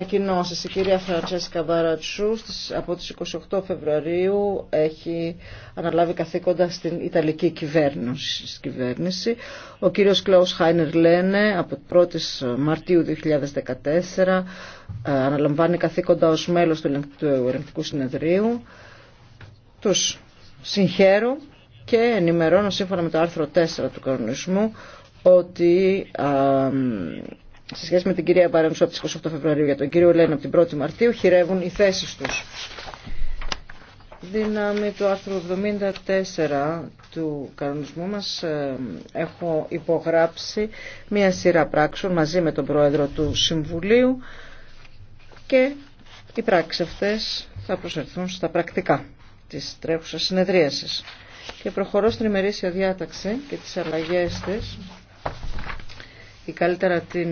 Ανακοινώσεις. Η κυρία Φραντσέσκα Βαρατσού από τις 28 Φεβρουαρίου έχει αναλάβει καθήκοντα στην Ιταλική κυβέρνηση. κυβέρνηση. Ο κύριος Κλάους Χάινερ Λένε από 1η Μαρτίου 2014 ε, αναλαμβάνει καθήκοντα ως μέλος του Ελεγκτικού Συνεδρίου. Τους συγχαίρω και ενημερώνω σύμφωνα με το άρθρο 4 του κανονισμού ότι σε σχέση με την κυρία Μπαρανσού από τις 28 Φεβρουαρίου για τον κύριο Λένα από την 1η Μαρτίου χειρεύουν οι θέσεις τους. Δυνάμει του άρθρου 74 του κανονισμού μας ε, έχω υπογράψει μία σειρά πράξεων μαζί με τον Πρόεδρο του Συμβουλίου και οι πράξεις αυτές θα προσερθούν στα πρακτικά της τρέχουσας συνεδρίασης. Και προχωρώ στην ημερήσια διάταξη και τις αλλαγές της ή καλύτερα την